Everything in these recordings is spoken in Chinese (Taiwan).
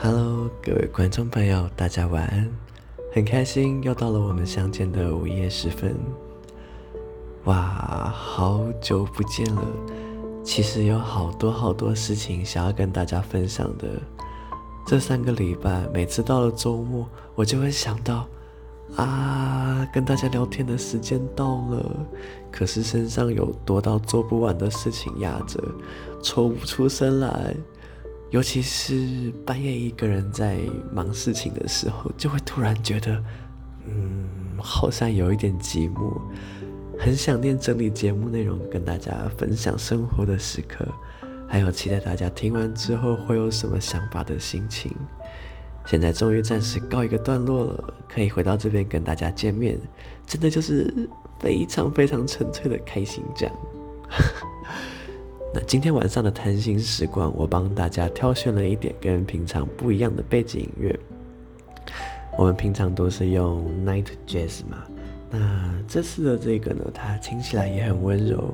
Hello，各位觀眾朋友，大家晚安。很開心又到了我們相見的午夜時分，哇，好久不見了！其實有好多好多事情想要跟大家分享的。這三個禮拜，每次到了周末，我就會想到啊，跟大家聊天的時間到了，可是身上有多到做不完的事情壓着，抽不出身來。尤其是半夜一個人在忙事情的時候，就會突然覺得，嗯，好像有一點寂寞，很想念整理節目內容、跟大家分享生活的時刻，還有期待大家聽完之後會有什麼想法的心情。現在終於暫時告一個段落了，可以回到這邊跟大家見面，真的就是非常非常純粹的開心，這樣。那今天晚上的談心時光，我幫大家挑選了一點跟平常不一樣的背景音樂。我們平常都是用 Night Jazz 嘛，那這次的這個呢，它聽起來也很溫柔，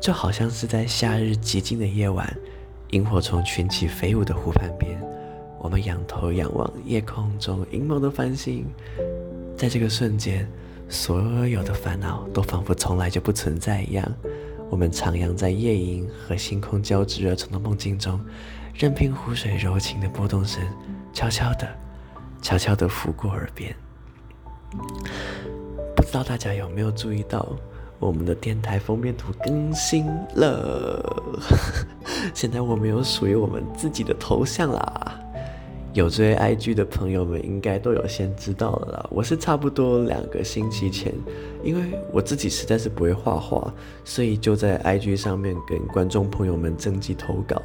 就好像是在夏日寂靜的夜晚，螢火蟲群起飛舞的湖畔邊，我們仰頭仰望夜空中銀幕的繁星，在這個瞬間，所有的煩惱都仿佛從來就不存在一樣。我們徜徉在夜鶯和星空交織而成的夢境中，任憑湖水柔情的波動聲，悄悄地、悄悄地拂過耳邊。不知道大家有沒有注意到，我們的電台封面圖更新了，現在我們有屬於我們自己的頭像啦。有追 IG 的朋友們應該都有先知道了啦。我是差不多兩個星期前，因為我自己實在是不會畫畫，所以就在 IG 上面跟觀眾朋友們徵集投稿。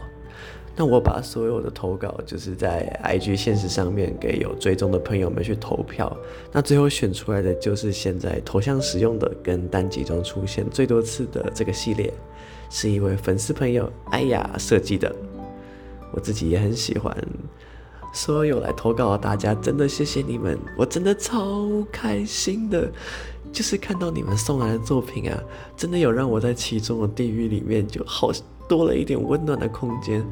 那我把所有的投稿，就是在 IG 現實上面給有追蹤的朋友們去投票。那最後選出來的就是現在頭像使用的跟單集中出現最多次的這個系列，是一位粉絲朋友艾雅、哎、設計的，我自己也很喜歡。所有來投稿的大家，真的謝謝你們！我真的超開心的，就是看到你們送來的作品啊，真的有讓我在其中的地獄裡面就好多了一點溫暖的空間，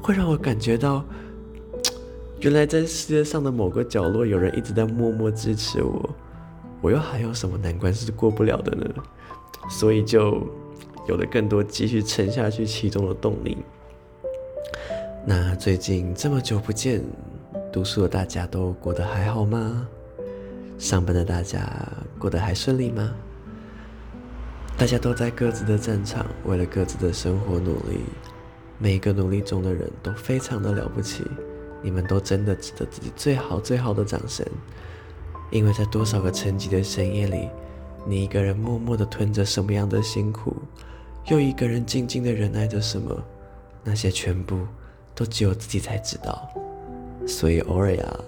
會讓我感覺到，原來在世界上的某個角落有人一直在默默支持我，我又還有什麼難關是過不了的呢？所以就有了更多繼續撐下去其中的動力。那最近這麼久不見，讀書的大家都過得還好嗎？上班的大家過得還順利嗎？大家都在各自的戰場，為了各自的生活努力，每一個努力中的人都非常的了不起，你們都真的值得自己最好最好的掌聲，因為在多少個沉寂的深夜裡，你一個人默默的吞着什麼樣的辛苦，又一個人靜靜的忍耐着什麼，那些全部。都只有自己才知道，所以偶爾呀，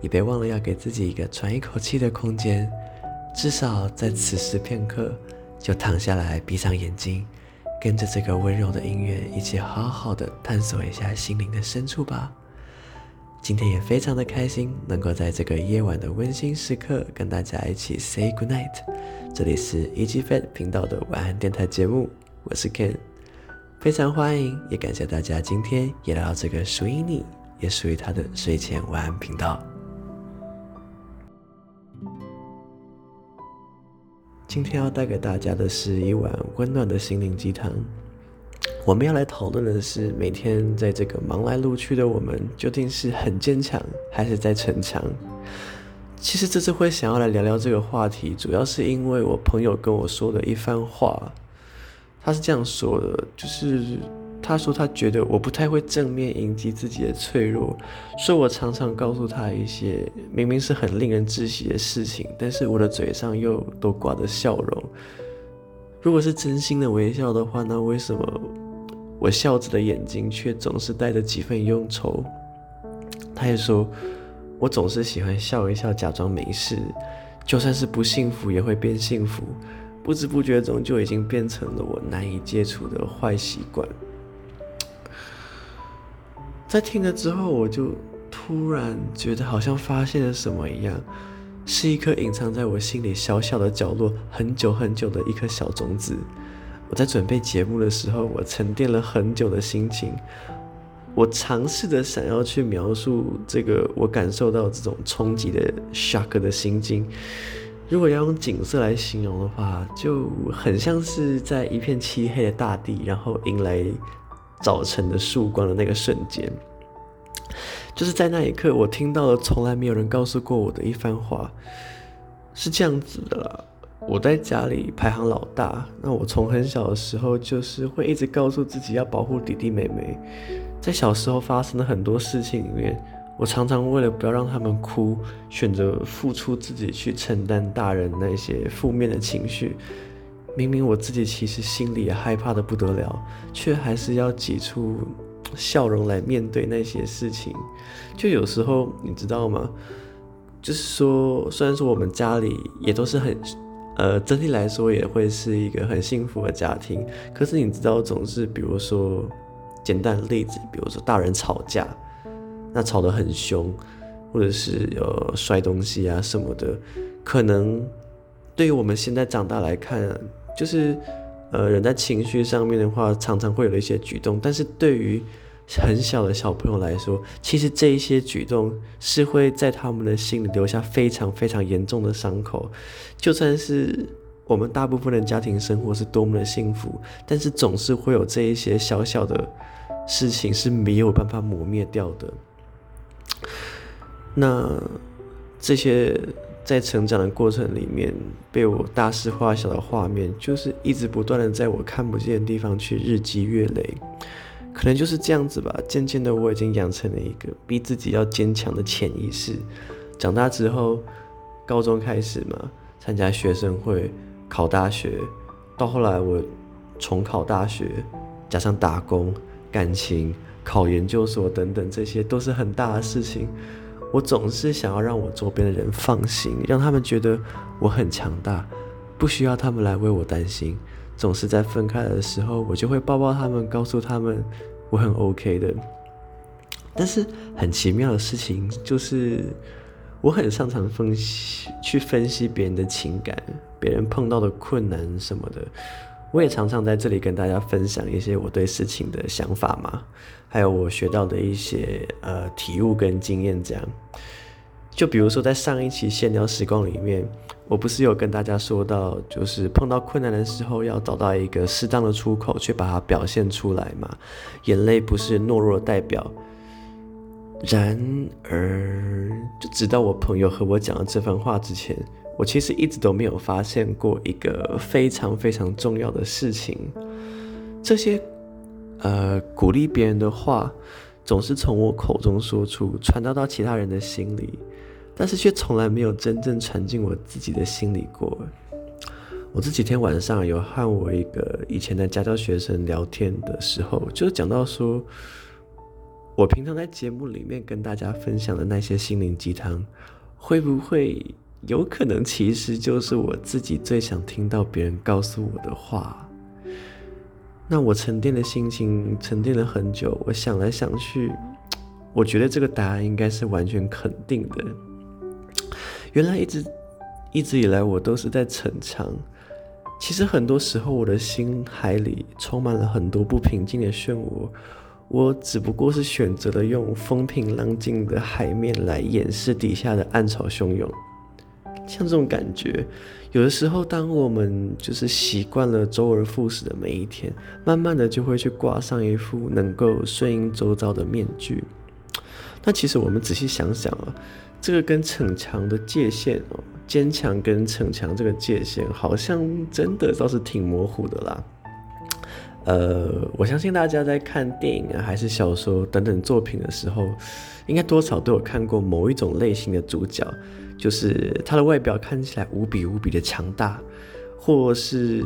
你別忘了要給自己一個喘一口氣的空間，至少在此時片刻，就躺下來，閉上眼睛，跟着這個溫柔的音樂，一起好好的探索一下心靈的深處吧。今天也非常的開心，能夠在這個夜晚的溫馨時刻，跟大家一起 say good night。這裡是 ichi 頻道的晚安電台節目，我是 Ken。非常歡迎，也感謝大家今天也來到這個屬於你，也屬於他的睡前晚安頻道。今天要帶給大家的是一碗溫暖的心靈雞湯。我們要來討論的是，每天在這個忙來路去的我們，究竟是很堅強，還是在逞強？其實這次會想要來聊聊這個話題，主要是因為我朋友跟我說的一番話。他是這樣說的，就是他說他覺得我不太會正面迎擊自己的脆弱，所以我常常告訴他一些明明是很令人窒息的事情，但是我的嘴上又都掛着笑容。如果是真心的微笑的話，那為什麼我笑着的眼睛卻總是帶着幾分憂愁？他也說，我總是喜歡笑一笑，假裝沒事，就算是不幸福，也會變幸福。不知不覺中就已經變成了我難以接觸的壞習慣。在聽了之後，我就突然覺得好像發現了什麼一樣，是一顆隱藏在我心裡小小的角落很久很久的一顆小種子。我在準備節目的時候，我沉澱了很久的心情，我嘗試着想要去描述這個我感受到這種衝擊的 shock 的心境。如果要用景色來形容的話，就很像是在一片漆黑的大地，然後迎來早晨的曙光的那個瞬間。就是在那一刻，我聽到了從來沒有人告訴過我的一番話，是這樣子的啦。我在家裡排行老大，那我從很小的時候就是會一直告訴自己要保護弟弟妹妹。在小時候發生的很多事情裡面。我常常為了不要讓他們哭，選擇付出自己去承擔大人那些負面的情緒。明明我自己其實心裡也害怕得不得了，卻還是要擠出笑容來面對那些事情。就有時候你知道嗎？就是說，雖然說我們家裡也都是很，呃，整體來說也會是一個很幸福的家庭，可是你知道，總是比如說簡單的例子，比如說大人吵架。那吵得很兇，或者是有摔東西啊什麼的，可能對於我們現在長大來看啊，就是呃人在情緒上面的話，常常會有的一些舉動。但是對於很小的小朋友來說，其實這一些舉動是會在他們的心裡留下非常非常嚴重的傷口。就算是我們大部分的家庭生活是多麼的幸福，但是總是會有這一些小小的事情是沒有辦法磨滅掉的。那這些在成長的過程裡面被我大事化小的畫面，就是一直不斷的在我看不見的地方去日積月累，可能就是這樣子吧。漸漸的，我已經養成了一個逼自己要堅強的潛意識。長大之後，高中開始嘛，參加學生會，考大學，到後來我重考大學，加上打工、感情、考研究所等等，這些都是很大的事情。我總是想要讓我周邊的人放心，讓他們覺得我很強大，不需要他們來為我擔心。總是在分開的時候，我就會抱抱他們，告訴他們我很 OK 的。但是很奇妙的事情就是，我很擅長分析，去分析別人的情感，別人碰到的困難什麼的。我也常常在這裡跟大家分享一些我對事情的想法嘛。還有我學到的一些呃體悟跟經驗，這樣，就比如說在上一期閒聊時光裡面，我不是有跟大家說到，就是碰到困難的時候要找到一個適當的出口去把它表現出來嘛，眼淚不是懦弱的代表。然而，就直到我朋友和我講了這番話之前，我其實一直都沒有發現過一個非常非常重要的事情，這些。呃，鼓勵別人的話，總是從我口中說出，傳達到其他人的心裡，但是卻從來沒有真正傳進我自己的心裡過。我這幾天晚上有和我一個以前的家教學生聊天的時候，就講到說，我平常在節目裡面跟大家分享的那些心靈雞湯，會不會有可能其實就是我自己最想聽到別人告訴我的話？那我沉澱的心情沉澱了很久，我想來想去，我覺得這個答案應該是完全肯定的。原來一直一直以來我都是在逞強，其實很多時候我的心海裡充滿了很多不平靜的漩渦，我只不過是選擇了用風平浪靜的海面來掩飾底下的暗潮洶湧。像這種感覺，有的時候，當我們就是習慣了周而復始的每一天，慢慢的就會去掛上一副能夠順應周遭的面具。那其實我們仔細想想啊，這個跟逞強的界限哦，堅強跟逞強這個界限，好像真的倒是挺模糊的啦。呃，我相信大家在看電影啊，還是小說等等作品的時候，應該多少都有看過某一種類型的主角。就是他的外表看起來無比無比的強大，或是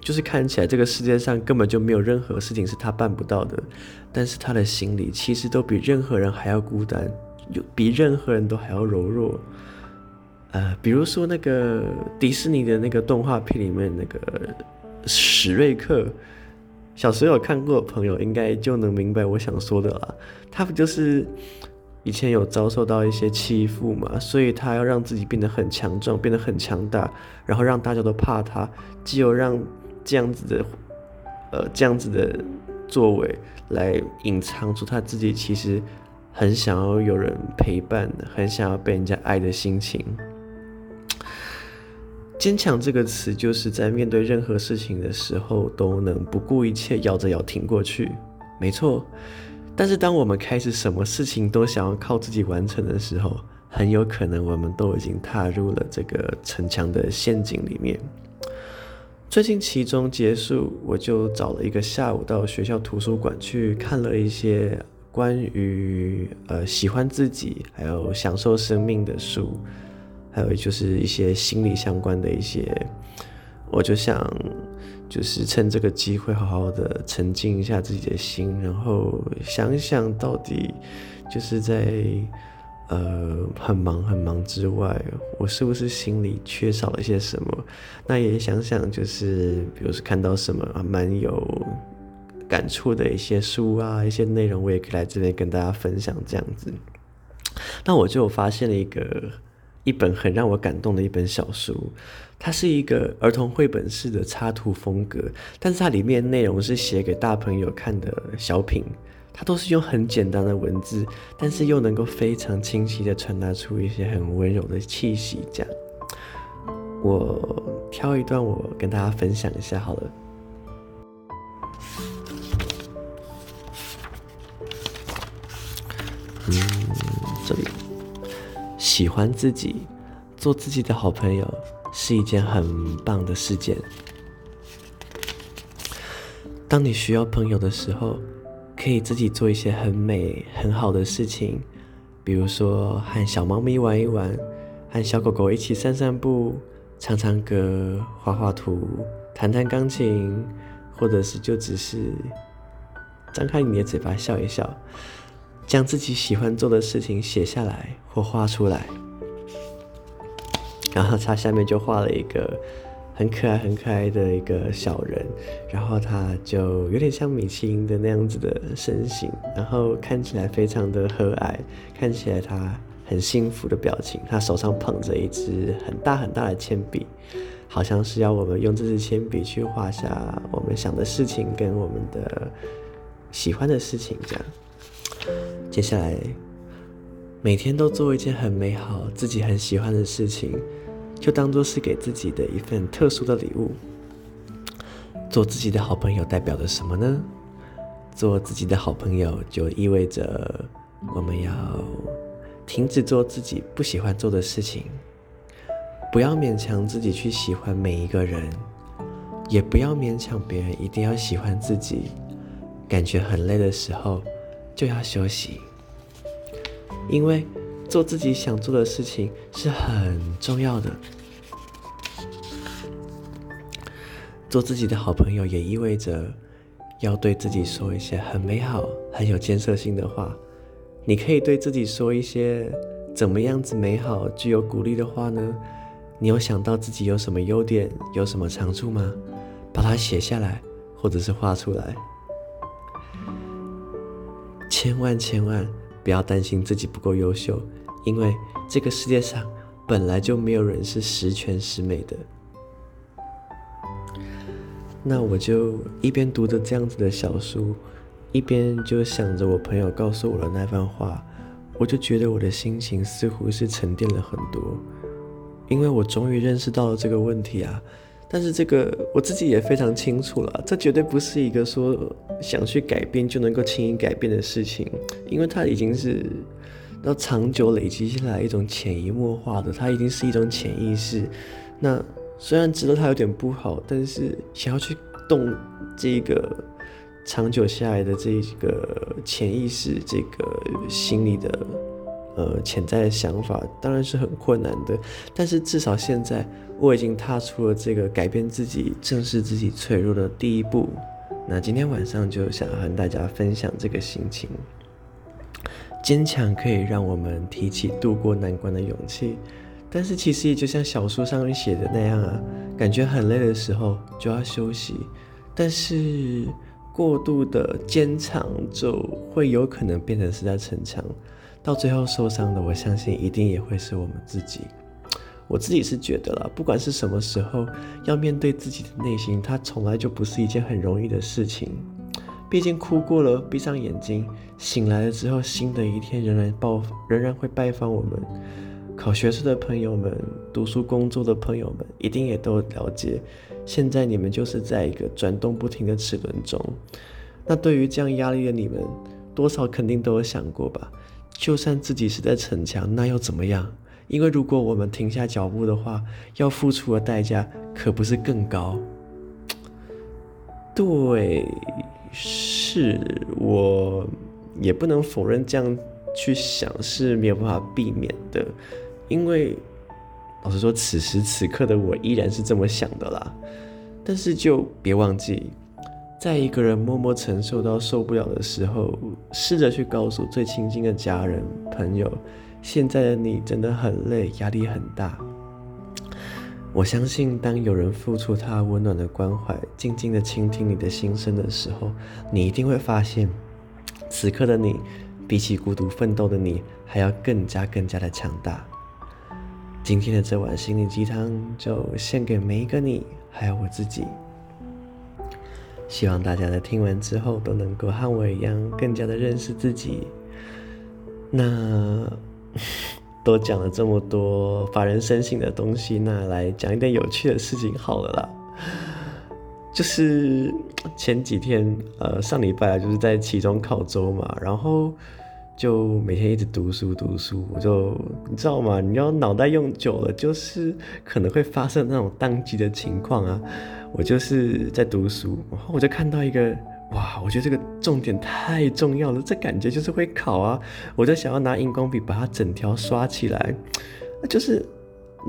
就是看起來這個世界上根本就沒有任何事情是他辦不到的，但是他的心裡其實都比任何人還要孤單，比任何人都還要柔弱。呃，比如說那個迪士尼的那個動畫片裡面那個史瑞克，小時候有看過的朋友應該就能明白我想說的了。他不就是以前有遭受到一些欺負嘛，所以他要讓自己變得很強壯，變得很強大，然後讓大家都怕他。既有讓這樣子的，呃，這樣子的作為來隱藏住他自己其實很想要有人陪伴，很想要被人家愛的心情。堅強這個詞，就是在面對任何事情的時候都能不顧一切，咬着咬挺過去。沒錯。但是，當我們開始什麼事情都想要靠自己完成的時候，很有可能我們都已經踏入了這個逞強的陷阱裡面。最近期中結束，我就找了一個下午到學校圖書館去看了一些關於呃喜歡自己，還有享受生命的書，還有就是一些心理相關的一些，我就想。就是趁這個機會，好好的沉靜一下自己的心，然後想一想到底就是在呃很忙很忙之外，我是不是心裡缺少了一些什麼？那也想想，就是比如說看到什麼蠻有感觸的一些書啊，一些內容，我也可以來這邊跟大家分享這樣子。那我就發現了一個一本很讓我感動的一本小書。它是一個兒童繪本式的插圖風格，但是它裡面內容是寫給大朋友看的小品，它都是用很簡單的文字，但是又能夠非常清晰的傳達出一些很溫柔的氣息。這樣，我挑一段我跟大家分享一下好了。嗯，這裡喜歡自己，做自己的好朋友。是一件很棒的事件。當你需要朋友的時候，可以自己做一些很美、很好的事情，比如說和小貓咪玩一玩，和小狗狗一起散散步，唱唱歌，畫畫圖，彈彈鋼琴，或者是就只是張開你的嘴巴笑一笑。將自己喜歡做的事情寫下來或畫出來。然後他下面就畫了一個很可愛、很可愛的一個小人，然後他就有點像米其林的那樣子的身形，然後看起來非常的和藹，看起來他很幸福的表情。他手上捧着一支很大很大的鉛筆，好像是要我們用這支鉛筆去畫下我們想的事情跟我們的喜歡的事情。這樣，接下來每天都做一件很美好、自己很喜歡的事情。就當做是給自己的一份特殊的禮物。做自己的好朋友代表着什麼呢？做自己的好朋友就意味着我們要停止做自己不喜歡做的事情，不要勉強自己去喜歡每一個人，也不要勉強別人一定要喜歡自己。感覺很累的時候就要休息，因為。做自己想做的事情是很重要的。做自己的好朋友也意味着要對自己說一些很美好、很有建設性的話。你可以對自己說一些怎麼樣子美好、具有鼓勵的話呢？你有想到自己有什麼優點、有什麼長處嗎？把它寫下來，或者是畫出來。千萬千萬不要擔心自己不夠優秀。因為這個世界上本來就沒有人是十全十美的。那我就一邊讀着這樣子的小書，一邊就想着我朋友告訴我的那番話，我就覺得我的心情似乎是沉澱了很多，因為我終於認識到了這個問題啊。但是這個我自己也非常清楚了，這絕對不是一個說想去改變就能夠輕易改變的事情，因為它已經是。要長久累積下來一種潛移默化的，它已經是一種潛意識。那雖然知道它有點不好，但是想要去動這個長久下來的這個潛意識、這個心理的呃潛在的想法，當然是很困難的。但是至少現在我已經踏出了這個改變自己、正視自己脆弱的第一步。那今天晚上就想和大家分享這個心情。堅強可以讓我們提起度過難關的勇氣，但是其實也就像小說上面寫的那樣啊，感覺很累的時候就要休息，但是過度的堅強就會有可能變成是在逞強，到最後受傷的我相信一定也會是我們自己。我自己是覺得啦，不管是什麼時候，要面對自己的內心，它從來就不是一件很容易的事情。畢竟哭過了，閉上眼睛，醒來了之後，新的一天仍然報，仍然會拜訪我們。考學士的朋友們，讀書工作的朋友們，一定也都了解，現在你們就是在一個轉動不停的齒輪中。那對於這樣壓力的你們，多少肯定都有想過吧？就算自己是在逞強，那又怎麼樣？因為如果我們停下腳步的話，要付出的代價可不是更高。對。是，我，也不能否認這樣去想是沒有辦法避免的，因為，老實說，此時此刻的我依然是這麼想的啦。但是就別忘記，在一個人默默承受到受不了的時候，試着去告訴最親近的家人、朋友，現在的你真的很累，壓力很大。我相信，當有人付出他溫暖的關懷，靜靜的傾聽你的心聲的時候，你一定會發現，此刻的你，比起孤獨奮鬥的你，還要更加更加的強大。今天的這碗心靈雞湯就獻給每一個你，還有我自己。希望大家在聽完之後，都能夠像我一樣，更加的認識自己。那。都講了這麼多發人深省的東西呢，那來講一點有趣的事情好了啦。就是前幾天，呃，上禮拜就是在期中考週嘛，然後就每天一直讀書讀書，我就你知道嗎？你要腦袋用久了，就是可能會發生那種宕機的情況啊。我就是在讀書，然後我就看到一個。哇，我覺得這個重點太重要了，這感覺就是會考啊！我就想要拿熒光筆把它整條刷起來，就是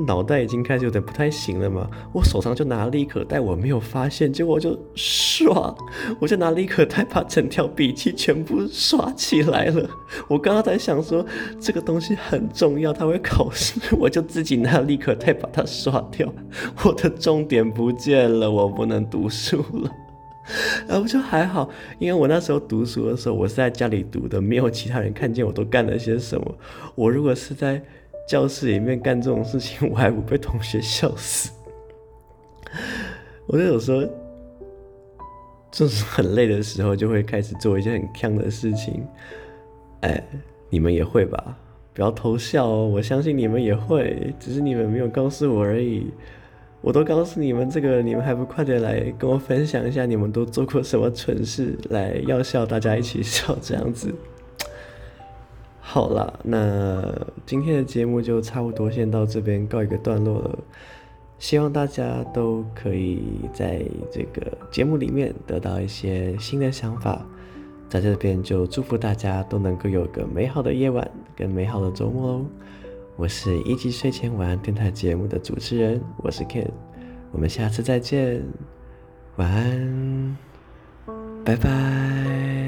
腦袋已經開始有點不太行了嘛。我手上就拿了立可帶，但我沒有發現，結果我就刷，我就拿了立可帶把整條筆記全部刷起來了。我剛剛在想說這個東西很重要，它會考試，我就自己拿了立可帶再把它刷掉。我的重點不見了，我不能讀書了。然、啊、不就還好，因為我那時候讀書的時候，我是在家裡讀的，沒有其他人看見我都幹了些什麼。我如果是在教室裡面幹這種事情，我還不被同學笑死。我就有時候就是很累的時候，就會開始做一件很坑的事情。哎、欸，你們也會吧？不要偷笑哦，我相信你們也會，只是你們沒有告訴我而已。我都告訴你們這個，你們還不快點來跟我分享一下你們都做過什麼蠢事來要笑，大家一起笑這樣子。好了，那今天的節目就差不多先到這邊告一個段落了。希望大家都可以在這個節目裡面得到一些新的想法，在這邊就祝福大家都能夠有個美好的夜晚，跟美好的周末哦。我是一級睡前晚安電台節目的主持人，我是 Ken，我們下次再見，晚安，拜拜。